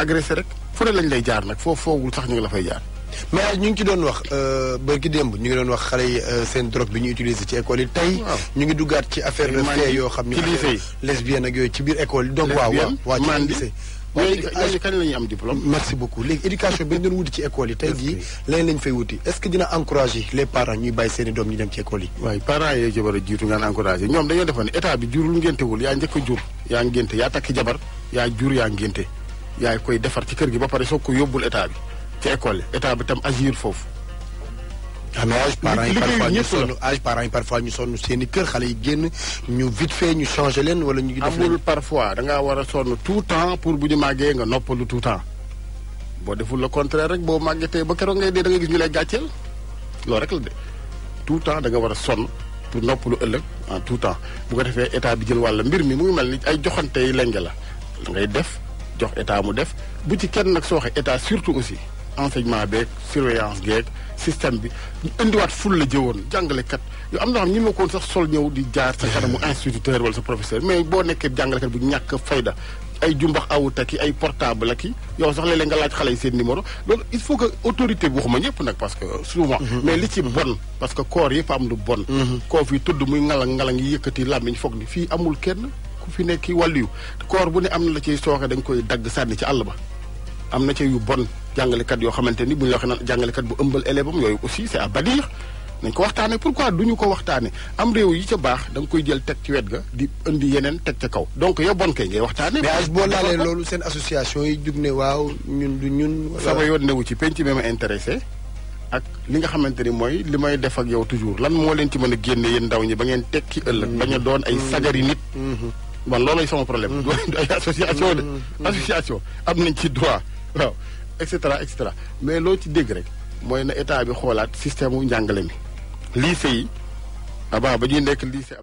agressé rek fu ne lañ lay jaar nag foofu foogul sax ñu ngi la fay jaar. mais ñu ngi ci doon wax euh, bërki démb ñu ngi doon wax xale yi euh, seen drogue bi ñu utiliser ci école yi tey ñu ngi duggaat ci affaire fee xam ne lesbienne ak yooyu ci biir yi donc waa ci lycée yooyu kañ la ñuy am diplôme merci beaucoup léegi éducation bi ñu doon wuti ci école yi tey jii leneen lañ fay wuti est-ce que dina encourager les parents ñuy bàyyi seen i doom ñu dem ci école yi waaye parents yee jabar a jiitu ngaan encourager ñoom dañoo defoon état bi jurul ngéntewul yaa njëkk a jur yaa ngénte yaa takk jabar yaa jur yaa ngénte yaay koy defar ci kër gi ba pare soo ko yóbbul état bi ci école yi état bi tam agir foofu. am ah, âge parents yi parfois ñu sonn yi parfois ñu sonn seen i kër xale yi génn ñu vite fait ñu changé leen wala ñu. def amul parfois da ngaa war a sonn tout temps pour bu ñu màggee nga noppalu tout temps boo deful le contraire rek boo màggee tey ba keroog ngay dee da nga gis ñu lay gàcceel loolu rek la de tout temps da nga war a sonn pour noppalu ëllëg en ah, tout temps bu ko defee état bi jël wàll mbir mi mu ngi ni ay joxante yi lenge la ngay def. jox état mu def bu ci kenn nag sooxe état surtout aussi enseignement beeg surveillance geeg système bi ñu indiwaat ful la jëwoon jàngalekat yu am na xam ñi ma sax sol ñëw di jaar sa kanamu instituteur wala sa professeur mais boo nekkee jàngalekat bu ñàkk fayda ay jumbax awuta ki ay portable ak yow sax léeg-léeg nga laaj xale yi seen numéro loolu il faut que autorité bi waxuma ñëpp nag parce que souvent mhm. mais li ci mhm. bon parce que koor yëpp am lu bon mhm. koo fii tudd muy ngalang ngalang yi yëkkati làmmiñ foog ni fii amul kenn ku fi nekk wàllu yu koor bu ne am na la ciy sooxe dañ koy dagg sànni ci àll ba am na ci yu bon jàngalekat yoo xamante ni bu ñu waxee naan jàngalekat bu ëmbal élève yooyu aussi c'est à nañ ko waxtaane pourquoi du ñu ko waxtaane am réew yi ca baax da koy jël teg ci wet ga di indi yeneen teg ca kaw donc yow bon kay ngay waxtaane mais as boo seen association yi jug ne waaw ñun du ñun sama yoon newu ci penc mi ma intéressé ak li nga xamante ni mooy li may def ak yow toujours lan moo leen ci mën a génne yéen ndaw ñi ba ngeen tekki ëllëg mm. bañ a doon ay mm. sagari nit mm-hmm. man loolooy sama problème. du mm. ay association de. Mm. association am nañ ci droit waaw et cetera et mais loo ci dégg rek mooy na état bi xoolaat système mu njàngale mi lycée yi avant ba ñuy nekk lycée